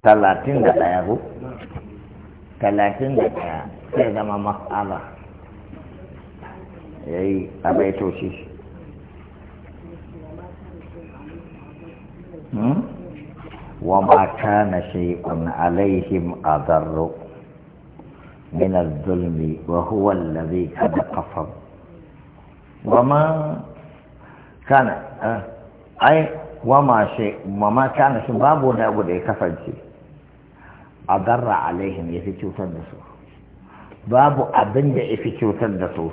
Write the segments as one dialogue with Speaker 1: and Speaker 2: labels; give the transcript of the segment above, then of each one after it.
Speaker 1: talatin da ɗaya ko talatin da ɗaya sai zama mas'ala ya yi a hmm? wa alaihim adarru من الظلم wa mashe mama kana shi babu wani abu da ya kasance a garra alaihim ya fi cutar da su babu abin da ya fi cutar da su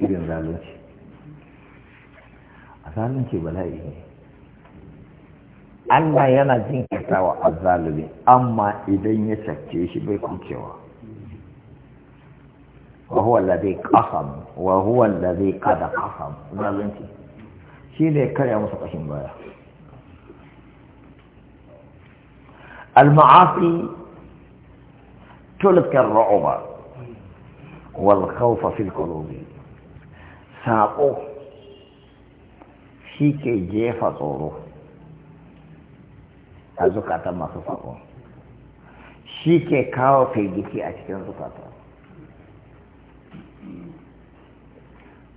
Speaker 1: irin zalunci a zalunci bala'i ne Allah yana jin wa zalubi amma idan ya sake shi bai kucewa wa huwa alladhi qasam wa huwa alladhi qad qasam zalunci shi ne karya masa ƙashin baya al المعاصي تلقي الرعب والخوف في القلوب ساقو shi ke jefa tsoro a zukatan masu sako shi ke kawo firgiti a cikin zukatan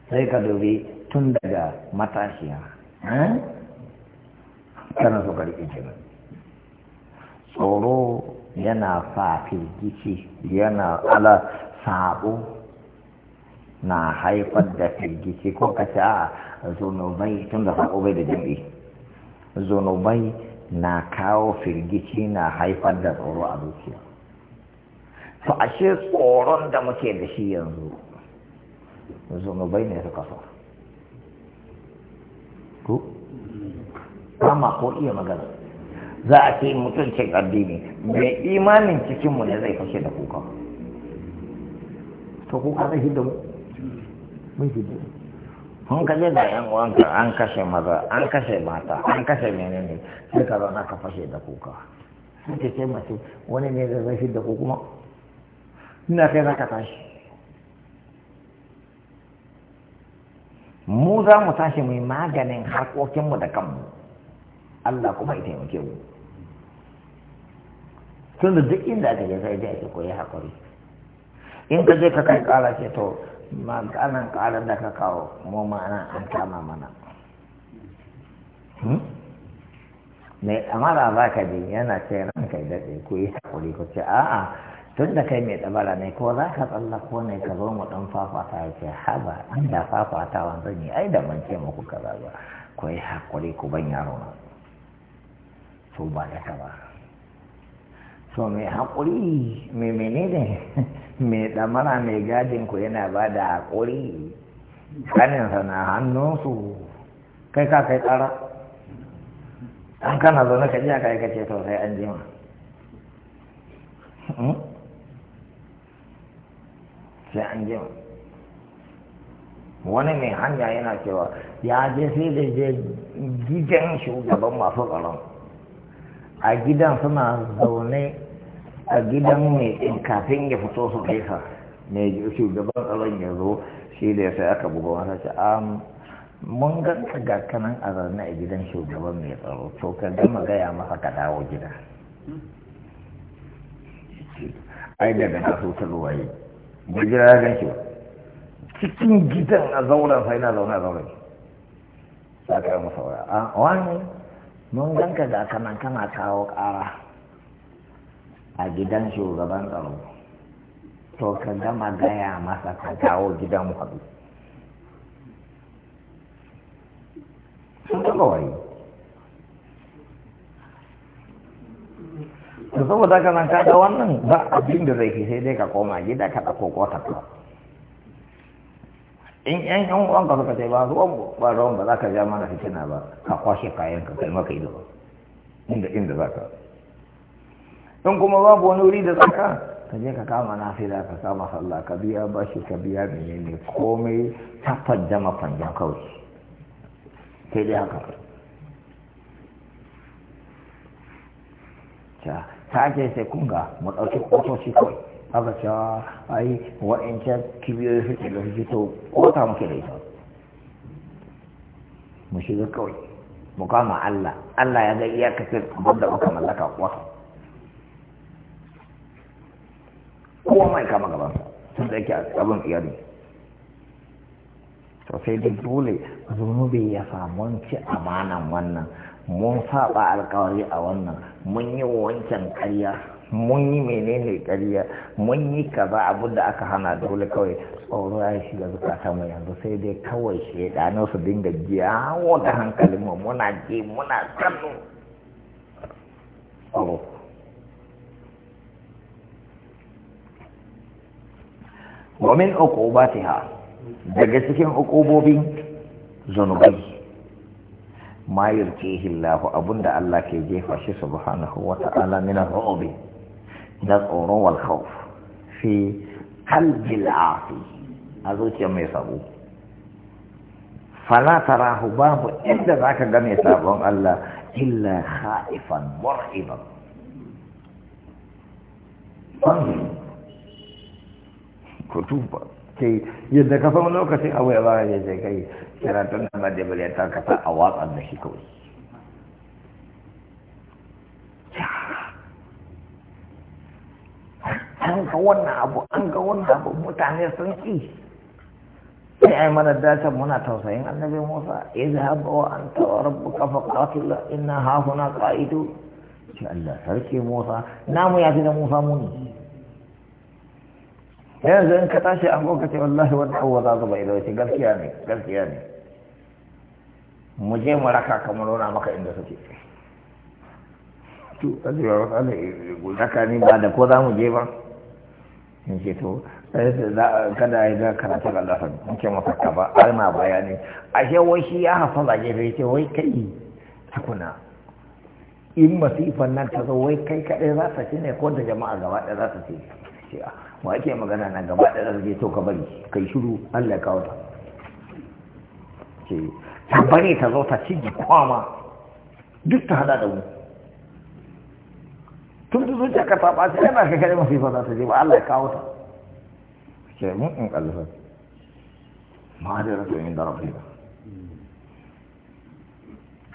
Speaker 1: sai ka dubi tun daga matashiya eh? kana so karfi kenan tsoro yana fa firgici yana ala sabo na haifar da firgici ko ka ce a zonobai tun da sabo bai da jimbi zonobai na kawo firgici na haifar da tsoro a zuciya to ashe tsoron da muke da shi yanzu zonobai ne suka so ba ko iya magana za a ce cin addini mai imanin cikinmu ne zai fashe da kuka to kuka zai hidda mu mai hidda mun ka je da yan uwanka an kashe maza an kashe mata an kashe menene sai ka zauna ka fashe da kuka sun ce mace wani ne zai zai hidda ko kuma ina kai za ka tashi mu za mu tashi mai maganin harkokinmu da kanmu Allah kuma ya taimake mu tun da duk inda aka je sai dai ake koyi hakuri in ka je ka kai kala ce to ma kanan kalan da ka kawo mu ma'ana an kama mana mai hmm? amara ba ka je yana ce kai daɗe ko yi hakuri ko ce a'a tun da kai mai tsabara ne ko za ka tsalla ko ne ka zo mu ɗan fafata ya ce haba an da fafata wanzan yi ai da ban ce muku kaza ba ko yi hakuri ku ban yaro na to ba da ka ba so mai haƙuri mai menene mai ɗamara mai gadin ku yana ba da haƙuri kaninsa na hannunsu kai ka kai ƙara an kana zaune ka ji aka yi kace to sai an jima hmm? sai an jima wani mai hanya yana cewa ya je sai da je gidan shugaban masu tsaron a gidan suna zaune a gidan mai kafin ya fito su kaifa mai shugaban tsaron ya zo shi da ya sai aka buga wata ce mun ganka ga kanan a zaune a gidan shugaban mai tsaro to ka gama gaya masa ka dawo gida ai daga na so ta ruwaye mu jira ya gan shi cikin gidan a zauren sai na zaune a zauren sa ka yi masa ah, wani mun ganka ga kanan kana kawo ƙara a gidan shugaban tsaro to ka gama gaya masa ka kawo gidan haɗu sun taɓa wari da saboda kanan ka wannan ba abin da zai ke sai dai ka koma gida ka ko kwatakwa in yan yan uwan ka suka sai ba ruwan ba ruwan ba za ka ja mana fitina ba ka kwashe kayan ka kai maka ido inda inda za ka in kuma ba wani wuri da zaka ka je ka kama nafila ka kama sallah ka biya bashi ka biya menene komai ta fadda fanjan kawai sai dai haka ta ce sai kunga mu ɗauki ƙotoci kawai aka cewa ah, ai wa'incan kibiyoyi suke da suke to kota muke da ita mu shiga kawai mu kama Allah Allah ya ga iyakacin abin da muka mallaka kuwa kowa mai kama gabansa tun da yake abin iyali to sai da dole zunubi ya samu ci amanan wannan mun saba alkawari a wannan mun yi wancan ƙarya. mun yi menene ƙarya mun yi ka ba abin da aka hana dole kawai tsoro ya shiga zukata mu yanzu sai dai kawai shaidanin su dinga jawo da hankalin mu muna ji muna kallo tsoro ba ta ha daga cikin uqubobin zunubai ma yurkihi Allah abunda Allah ke jefa shi subhanahu wa ta'ala min ar-ru'bi na tsoron wal khawf fi qalbil afi a zuciyar mai sabo fala babu inda zaka ka mai sabon Allah illa ha'ifan mur'iban ku ke yadda ka san lokacin abu ya ba ya kai karatun da madabal ya ta kasa a watsar da shi kawai ga wannan abu an ga wannan abu mutane sun ci sai ai mana dace muna tausayin annabi Musa izhab wa anta wa rabbuka faqatil inna ha qa'idu ce Allah sarki Musa namu ya fi da Musa muni yanzu in ka tashi an goka ce wallahi wannan abu za zuba ido ce gaskiya ne gaskiya ne mu je mu raka ka mu maka inda suke to azuwa wasu ala guda ka ba da ko za mu je ba in to eh, kada ya ga karatun allafin nke mafarka masa ka ba bayani a wai shi ya hafa a gefe ce wai kai tukuna in masifan nan ta zo wai kai kaɗai za ta ne ko da jama'a gaba ɗaya za ta ce a ah, ake magana na gaba ɗaya za ta ce to ka bari kai shiru allah ya kawo ta ce ta bari ta zo ta ci kwama duk ta hada da mu tun da zuciya ka taɓa yana ka kare masifa za ta je ba Allah ya kawo ta ke mun in ƙalfa ma da rasu yin da rafi ba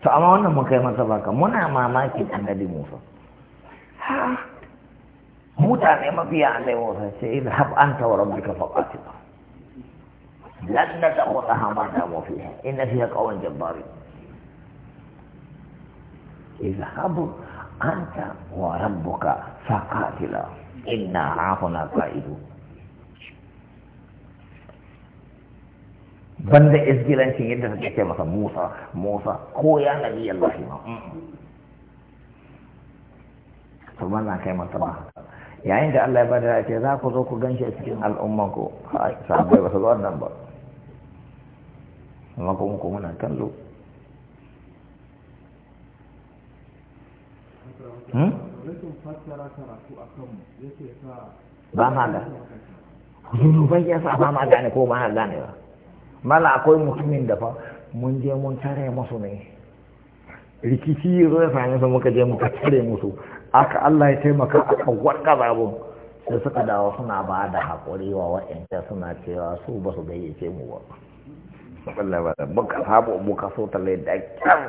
Speaker 1: to amma wannan mun kai masa baka muna mamakin annabi Musa ha mutane mafiya annabi Musa sai idh hab anta wa rabbuka faqatila lan nadkhulaha ma damu fiha inna fiha qawlan jabbarin idh habu anta wa rabbuka faqatila inna hahuna qa'idu banda isgilancin yadda suke ce masa Musa Musa ko ya nabi Allah ma to wannan kai masa ba yayin da Allah ya bada ya ce za ku zo ku ganshi a cikin al'umman ku sabai ba su zo wannan ba amma kuma muna kallo Hmm? ba ma da zunuban yasa ba ko ba na gane ba mala akwai mutumin da fa mun je mun tare musu ne rikici ya zo ya same su muka je muka tare musu aka Allah ya taimaka aka warka zabun sai suka dawo suna ba da haƙuri wa wa'yanta suna cewa su ba su gayyace mu ba. Allah ba da muka sabo muka so talle da kyau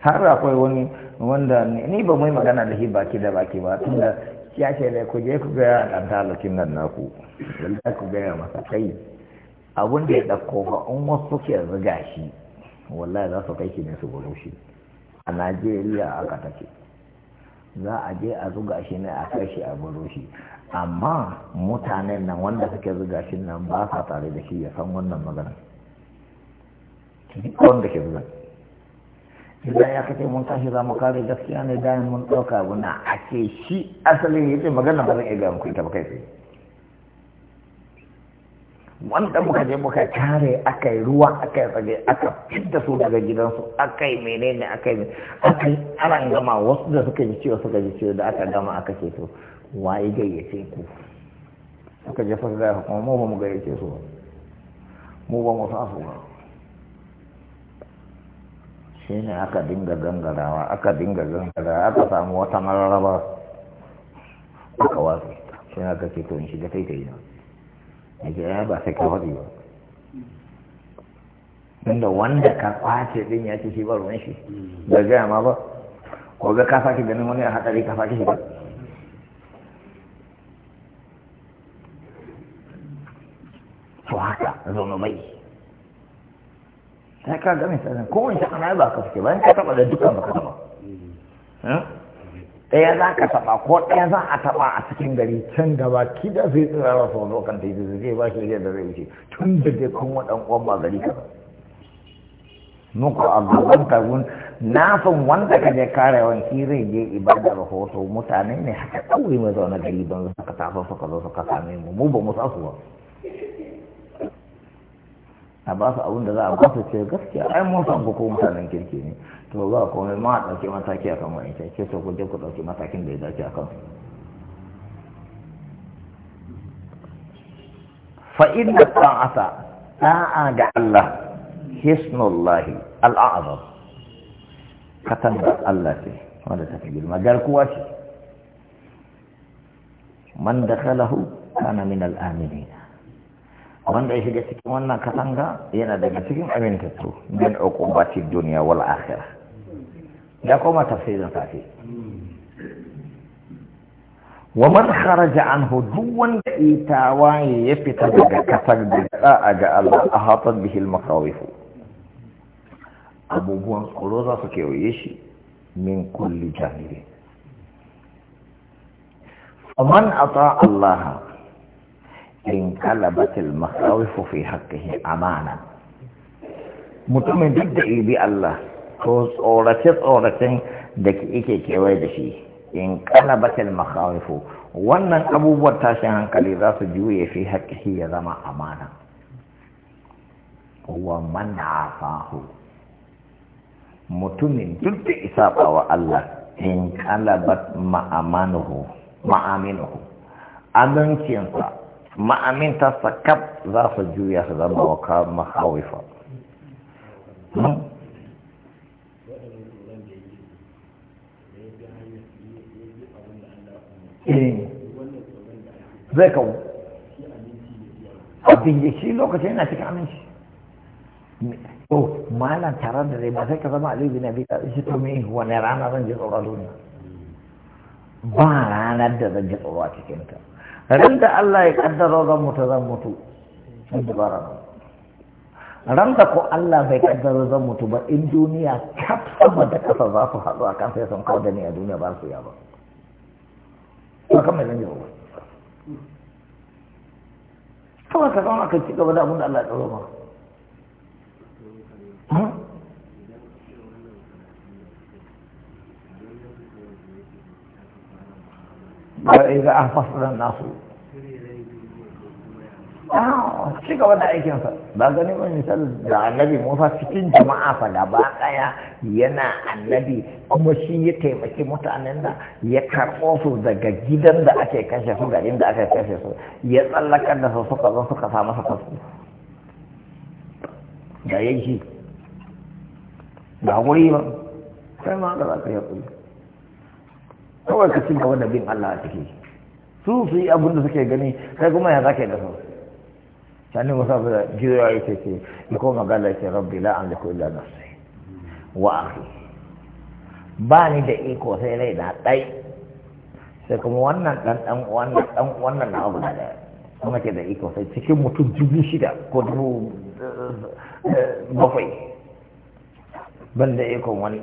Speaker 1: har akwai wani wanda ni ba mai magana da shi baki da baki ba tun da ya ce da ku je ku gaya a talakin nan naku da ku gaya masa kai abun da ya ɗauko ba in wasu ke riga shi wallahi za su kai shi ne su gudu shi a najeriya aka take za a je a zuga shi ne a kai shi a gudu shi amma mutanen nan wanda suke zuga shi nan ba sa tare da shi ya san wannan magana idan ya kace mun tashi za mu kare gaskiya ne da mun dauka buna na ake shi asalin yake magana ba zan iya ga muku ita ba kai sai wanda muka je muka kare aka yi ruwa aka yi tsage aka fidda su daga gidansu aka yi menene aka yi aka yi ana gama wasu da suka ji ciwo suka ji ciwo da aka gama aka ce to waye gayyace ku suka je fasa da kuma mu ba mu gayyace su mu ba mu sa su ba shi ne aka dinga gangarawa aka dinga gangarawa aka samu wata mararaba aka wasu shi aka ce to in shiga kai yi na yake ya ba sai ka faɗi ba inda wanda ka kwace din ya ce shi ba ruwan shi da gaya ma ba ko ga ka sake ganin wani a hatsari ka sake ba to haka zo mai sai ka ga misalin kowane shi ana ba ka fuke bayan ka taba da dukkan ba ka taba eh? ɗaya za ka taba ko ɗaya za a taba a cikin gari can gaba kida zai tsira rasa wani wakan da yi zai ba shi da zai wuce tun da dai kun waɗan uwan ba gari ka muku a gaban tagun nasan wanda ka je kare shi zai je ibada hoto mutane ne haka ɗauri mai zaune gari don ka taso suka zo suka same mu mu ba mu sasu ba a ba su abin da za a ba ce gaskiya ai mun san ku ko mutanen kirki ne to za a mai ma ɗauki mataki a kan wani ce to ku je ku ɗauki matakin da ya dace a kan fa'in da asa, ɗa'a ga Allah hisnullahi al'azam katangar Allah ce wanda ta fi girma garkuwa ce man da kalahu kana min al'aminina wanda ya shiga cikin wannan katanga yana daga cikin amintattu min uqubati dunya wal akhirah Ya koma tafsirin safi wa man kharaja anhu duk wanda itawaye ya fita daga katar da a ga Allah ahatat bihi al makawif abubuwan tsoro za su kewaye shi min kulli janibi man ata Allah in kalabatil makawifu fi haƙƙihi amana mutumin duk da ibi Allah to tsorace-tsoracen da ike kewaye da shi in kalabatil makawifu wannan abubuwan tashin hankali za su juye fi haƙƙihi ya zama amana wa man afahu mutumin duk da isa bawa Allah in kalabat ma'amanuhu ma'aminuhu amincinsa ما أمنت سكب ذا سجو يخدم وكا مخاوفا زي إيه. كو أبين يشي لو كتين أتك عمينش أو ما لن ترى ذي ما زي كذا ما لي بنبي جتومي هو نرانا رنجر ورالونا ما رانا ذي رنجر ورالونا ran da Allah ya kaddara zan mutu zan mutu in dubara ran da ko Allah bai kaddara zan mutu ba in duniya kaf sama da kasa za su haɗu a kan sai sun kawo da ni a duniya ba su ya ba ba kan mai zan ba kawai ka zama ka ci gaba da abin da Allah ya tsoro ba وإذا da nasu. ci gaba da aikinsa ba gani ba misal da annabi musa cikin jama'a fa ba daya yana annabi kuma shi ya taimaki mutanen da ya karɓo su daga gidan da ake kashe su garin da aka kashe su ya tsallakar da su suka zo suka sa masa kasu da yake ba wuri ba sai ma da za ka yi kawai ka ci gaba da bin Allah a ciki su su yi abin da suke gani kai kuma ya zaka da su shanin wasa da jiya ya ce ni ko magana ce rabbi la liku illa sai wa akhi ba ni da iko sai rai da ɗai sai kuma wannan dan dan wannan ɗan wannan na abu da kuma ke da iko sai cikin mutum dubu shida ko dubu eh, eh, bakwai ban da ikon wani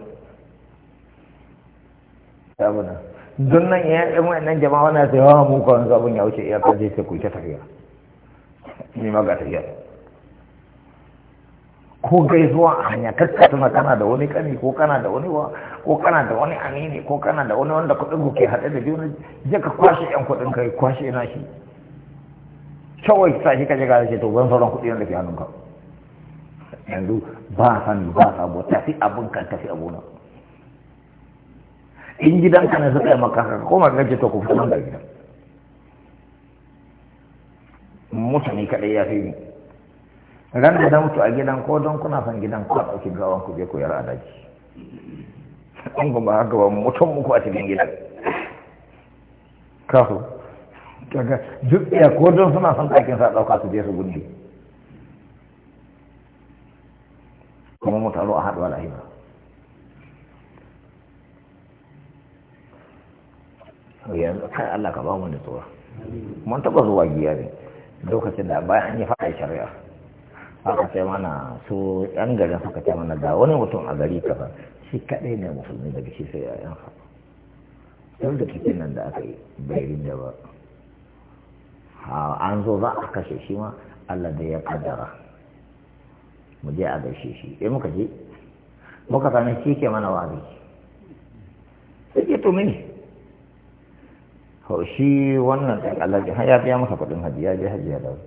Speaker 1: sabuna don nan ya yi wannan jama'a na sai wa ah, mu kawai abun ya wuce iyaka zai sai ku ta tafiya ni ma ga tafiya ko gaisuwa a hanya kasta tuna kana da wani kani ko kana da wani wa ko kana da wani amini ko kana da wani wanda kuɗin ku ke haɗe da juna je ka kwashe ƴan kuɗin kai kwashe na shi kawai sa shi ka je ka ce to ban sauran kuɗi da ke hannunka yanzu ba san ba sabo tafi abun kan tafi abuna in gidanka ne suka yi maka haka koma ka ce to ku fita da gidan mutane kaɗai ya fi ni ran da na mutu a gidan ko don kuna son gidan ko ɗauki gawan ku je ku yara daji an ba haka ba mutum muku a cikin gidan kafu kaga duk iya ko don suna son ɗakin sa ɗauka su je su gudu. kuma mu a haɗuwa lahira yanzu kai Allah ka ba mu nutsuwa mun taba zuwa giya ne lokacin da bayan an yi faɗa shari'a aka ce mana su yan garin suka ce mana da wani mutum a gari kafa shi kadai ne musulmi daga shi sai yayan fa duk da kitin nan da aka yi bai da ba an zo za a kashe shi ma Allah da ya kaddara mu je a gaishe shi eh muka je muka sami shi ke mana wazi sai ke to mini shi wannan ɗan alhaji ya biya masa kuɗin haji ya je haji ya dawo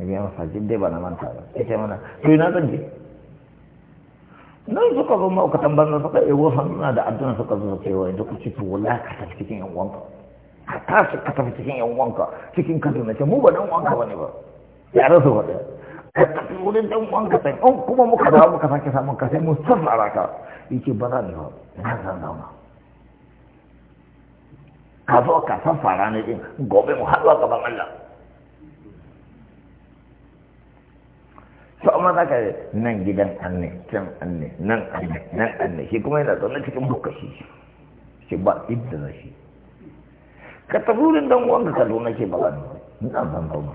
Speaker 1: ya biya masa haji dai ba na manta ba ita ce mana to ina zan je nan suka zo ma'aukatan banza suka ɗebo hannuna da adduna suka zo suka yi wa yanzu ku ci to wala ka tafi cikin yan wanka ka tashi ka tafi cikin yan wanka cikin kaduna ce mu ba dan wanka ba ne ba yaran su faɗi ka tafi wurin dan wanka sai an kuma muka dawo muka sake samun kasai mu sassara ka yake ba za ne ba ina zan zama ka zo ka san fara ne din gobe mu haɗuwa gaban Allah sau amma za ka nan gidan an ne can an ne nan an ne nan an ne shi kuma yana zaune cikin buka shi ba idda na shi ka tafi wurin dan uwan ka zo ke ba gani ina zan zauna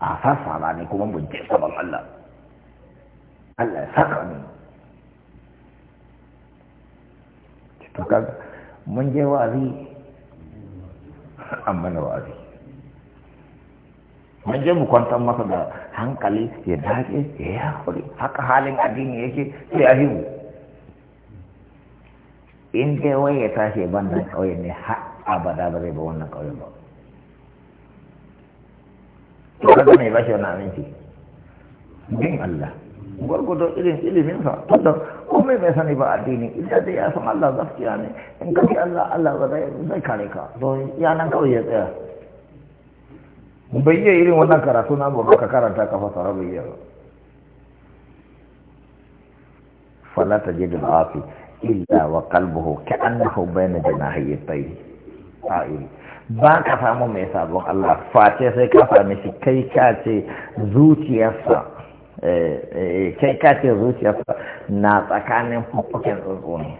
Speaker 1: a sassara ne kuma mun saban Allah Allah ya saka ni to kaga mun je wa'azi an mana wa'azi mun je mu kwantar masa da hankali ya dace ya yi hakuri haka halin addini yake sai a hihu in dai wai ya tashi ban nan ƙauye ne ha abada ba zai ba wannan ƙauye ba to kaga mai bashi wani aminci bin Allah gwargwado irin iliminsa tunda komai mai sani ba addini inda dai ya san Allah gaskiya ne in ka Allah Allah ba zai kare ka don yanan kawai ya tsaya bai iya irin wannan karatu na ba ka karanta ka fasara bai iya ba fala tajidu al-afi illa wa qalbuhu ka'annahu bayna janahi at ba ka samu mai sabon Allah face sai ka same shi kai ka zuciyarsa Eh, eh, kai ce zuciyarsa na tsakanin fuffuken tsuntsu ne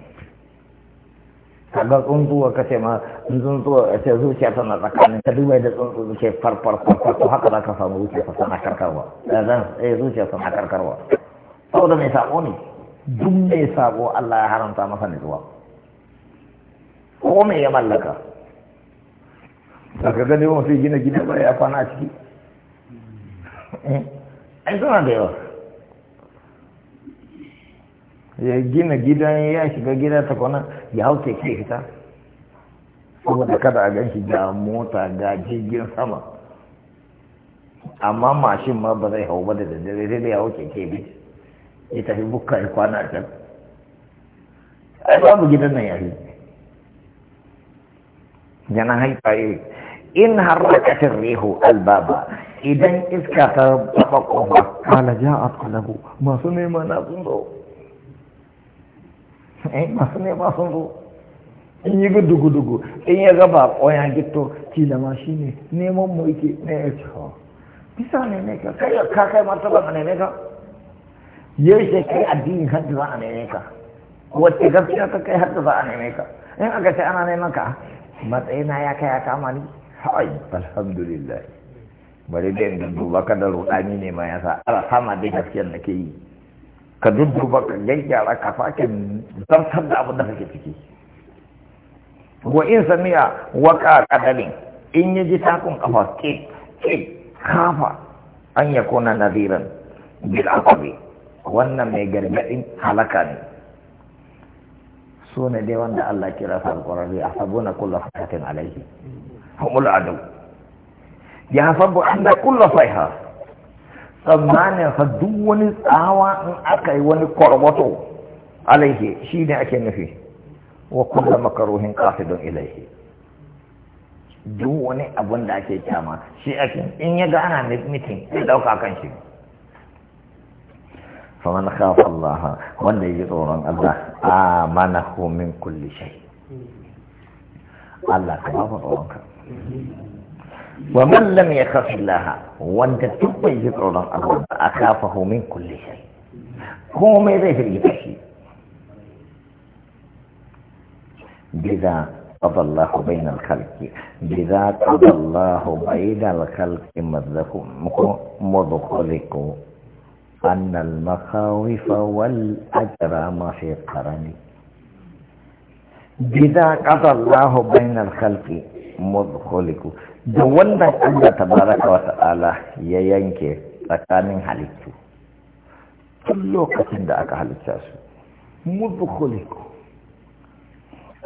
Speaker 1: kaga tsuntsuwa ka ce ma tsuntsu a ce zuciya tana tsakanin ka duba da tsuntsu ke farfar farfar to haka za ka samu zuciya ta sana karkarwa eh, zan eh zuciya sana karkarwa saboda mai sako ne duk mai sako Allah ya haramta masa zuwa. ko me ya mallaka ka gani ba mafi gina gina ba ya kwana a ciki ai zama da yawa ya gina gidan ya shiga gida ta kwana ya hau keke fita saboda kada a gan shi ga mota ga jirgin sama amma mashin ma ba zai hau ba da daddare sai da ya hau keke bi ya tafi bukka ya kwana a can ai babu gidan nan yayi yana haifaye in har harakatin rihu albaba idan iska ta taba kofa kala ja a talabu masu nema na sun zo eh, masu nema sun zo in yi gudugudugu in ya gaba koyan gito kila ma shi ne neman mu yake na ya ce oh, bisa ne ne ka kai ka kai martaba a ne ka yaushe kai addinin hadda za a ne ka wacce gaskiya ka kai hadda za a ne ka in aka ce ana neman ka matsayina ya kai ya kama ni hai alhamdulillah bari da in duba ka da rudani ne ma yasa ala sama da gaskiyar da ke yi ka dudduba ka gyaggyara ka sake zartar da abin da kake ciki wa in samiya waka kadalin in ya ji takun kafa ke ke kafa an ya kona naziran bil akwai wannan mai gargadin halaka ne su ne dai wanda Allah kira sa alƙurari a sabuna na fatatin alaihi humul adu ya sabu an da kulla saiha tsammanin sa duk wani tsawa in aka yi wani kwarwato alaihe shi ne ake nufi wa kulla makaruhin don ilaihe, duk wani abun da ake kyama shi ake in ya ga ana mitin ya dauka kan shi faman khafa Allah wanda yi tsoron Allah amanahu min kulli shay Allah ka ba ومن لم يخاف الله وانت تبقى يجدر الله أخاف أخافه من كل شيء هو ما يظهر يبشي بذا قضى الله بين الخلق بذا قضى الله بين الخلق مذخلق أن المخاوف والأجر ما في قرني بذا قضى الله بين الخلق muzkhuliku da wannan Allah ta baraka wa ta'ala ya yanke tsakanin halittu tun lokacin da aka halitta su muzkhuliku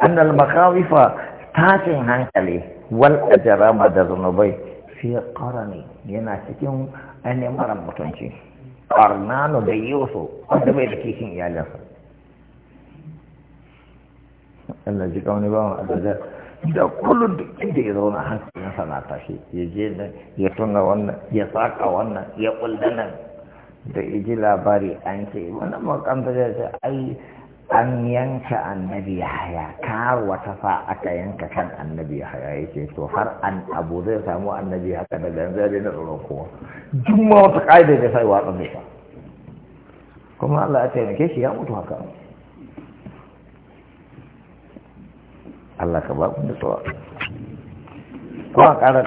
Speaker 1: annal makawifa tashin hankali wal ajrama da zunubai fi qarani yana cikin ainihin mara mutunci qarnano da yusu wanda bai da kishin iyalinsa Allah ji kauni bawan adadar da kullum duk inda ya zauna na sana tashi ya je nan ya tuna wannan ya saka wannan ya kulda nan da iji labari an ce wannan makamta da zai ai an yanka annabi haya kar wata fa aka yanka kan annabi haya yake to har an abu zai samu annabi haka daga yanzu ya daina tsoron kowa duk ma wata ƙa'ida ya sai watsa zai kuma Allah ya taimake shi ya mutu haka Allah ka ba ku da tsawa ko a